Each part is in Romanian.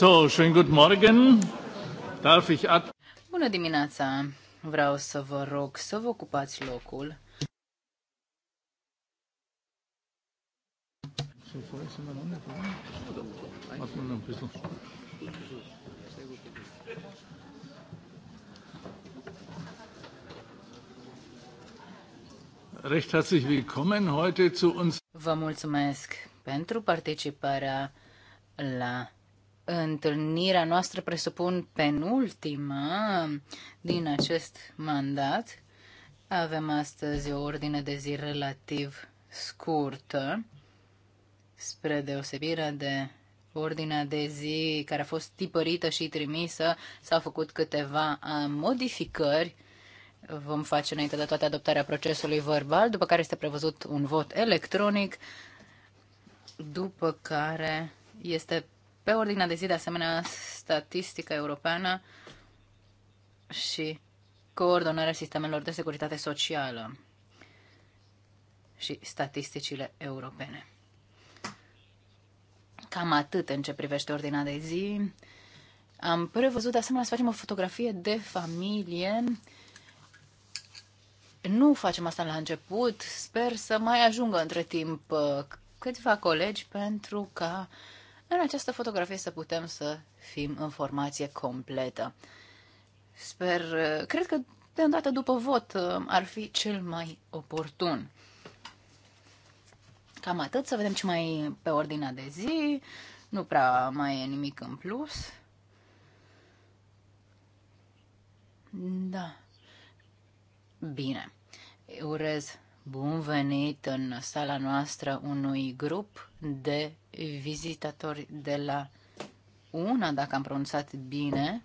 So, schönen guten Morgen. Darf ich ad- Bună dimineața. Vreau să vă rog să vă ocupați locul. Recht herzlich willkommen heute zu uns. Vă mulțumesc pentru participarea la întâlnirea noastră, presupun, penultima din acest mandat. Avem astăzi o ordine de zi relativ scurtă, spre deosebire de ordinea de zi care a fost tipărită și trimisă. S-au făcut câteva uh, modificări. Vom face înainte de toate adoptarea procesului verbal, după care este prevăzut un vot electronic, după care este pe ordinea de zi, de asemenea, statistică europeană și coordonarea sistemelor de securitate socială și statisticile europene. Cam atât în ce privește ordinea de zi. Am prevăzut de asemenea să facem o fotografie de familie. Nu facem asta la început. Sper să mai ajungă între timp uh, câțiva colegi pentru ca în această fotografie să putem să fim în formație completă. Sper, cred că de îndată după vot uh, ar fi cel mai oportun. Cam atât, să vedem ce mai pe ordinea de zi. Nu prea mai e nimic în plus. Da. Bine. Urez Bun venit în sala noastră unui grup de vizitatori de la una, dacă am pronunțat bine,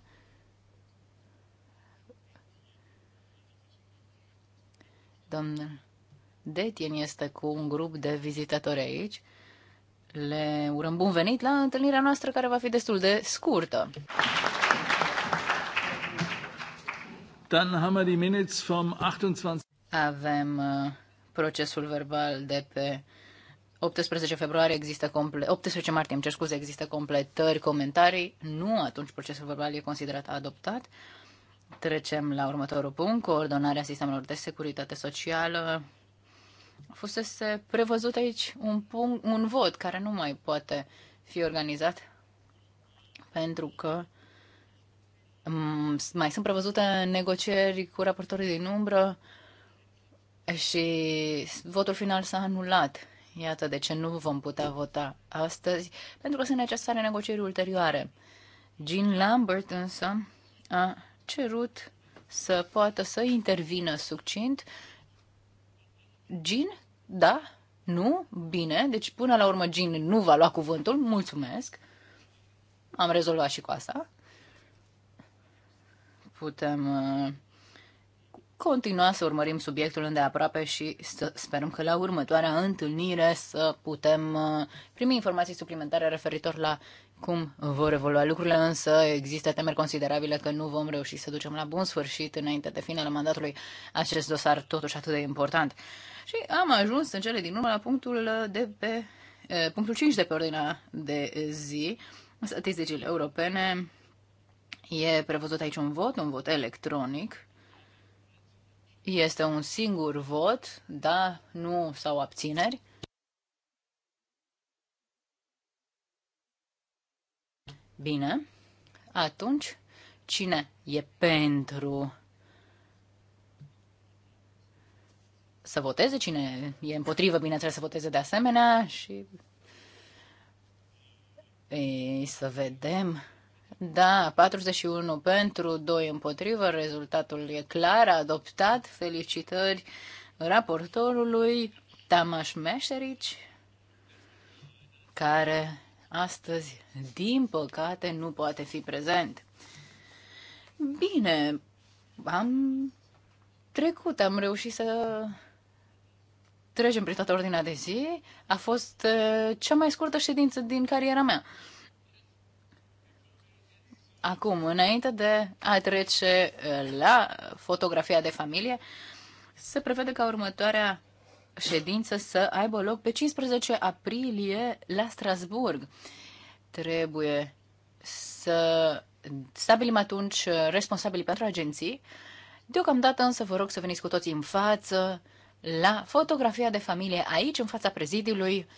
domnul Detien este cu un grup de vizitatori aici. Le urăm bun venit la întâlnirea noastră care va fi destul de scurtă. Dann haben wir die Minutes vom 28. Avem uh, procesul verbal de pe 18 februarie există comple- 18 martie, îmi cer scuze, există completări, comentarii. Nu, atunci procesul verbal e considerat adoptat. Trecem la următorul punct, coordonarea sistemelor de securitate socială. Fusese prevăzut aici un, punct, un vot care nu mai poate fi organizat pentru că mm, mai sunt prevăzute negocieri cu raportorii din umbră și votul final s-a anulat. Iată de ce nu vom putea vota astăzi, pentru că sunt necesare negocieri ulterioare. Jean Lambert însă a cerut să poată să intervină succint. Jean? Da? Nu? Bine. Deci până la urmă Jean nu va lua cuvântul. Mulțumesc. Am rezolvat și cu asta. Putem... Uh continua să urmărim subiectul îndeaproape și să sperăm că la următoarea întâlnire să putem uh, primi informații suplimentare referitor la cum vor evolua lucrurile, însă există temeri considerabile că nu vom reuși să ducem la bun sfârșit înainte de finele mandatului acest dosar totuși atât de important. Și am ajuns în cele din urmă la punctul uh, de pe uh, punctul 5 de pe ordinea de zi, statisticile europene. E prevăzut aici un vot, un vot electronic. Este un singur vot, da, nu sau abțineri. Bine. Atunci, cine e pentru să voteze, cine e împotrivă, bineînțeles, să voteze de asemenea și Ei, să vedem da, 41 pentru, 2 împotrivă, rezultatul e clar, adoptat. Felicitări raportorului Tamaș Meșerici, care astăzi, din păcate, nu poate fi prezent. Bine, am trecut, am reușit să trecem prin toată ordinea de zi. A fost eh, cea mai scurtă ședință din cariera mea. Acum, înainte de a trece uh, la fotografia de familie, se prevede ca următoarea ședință să aibă loc pe 15 aprilie la Strasburg. Trebuie să stabilim atunci uh, responsabili pentru agenții. Deocamdată însă vă rog să veniți cu toții în față la fotografia de familie aici, în fața prezidiului.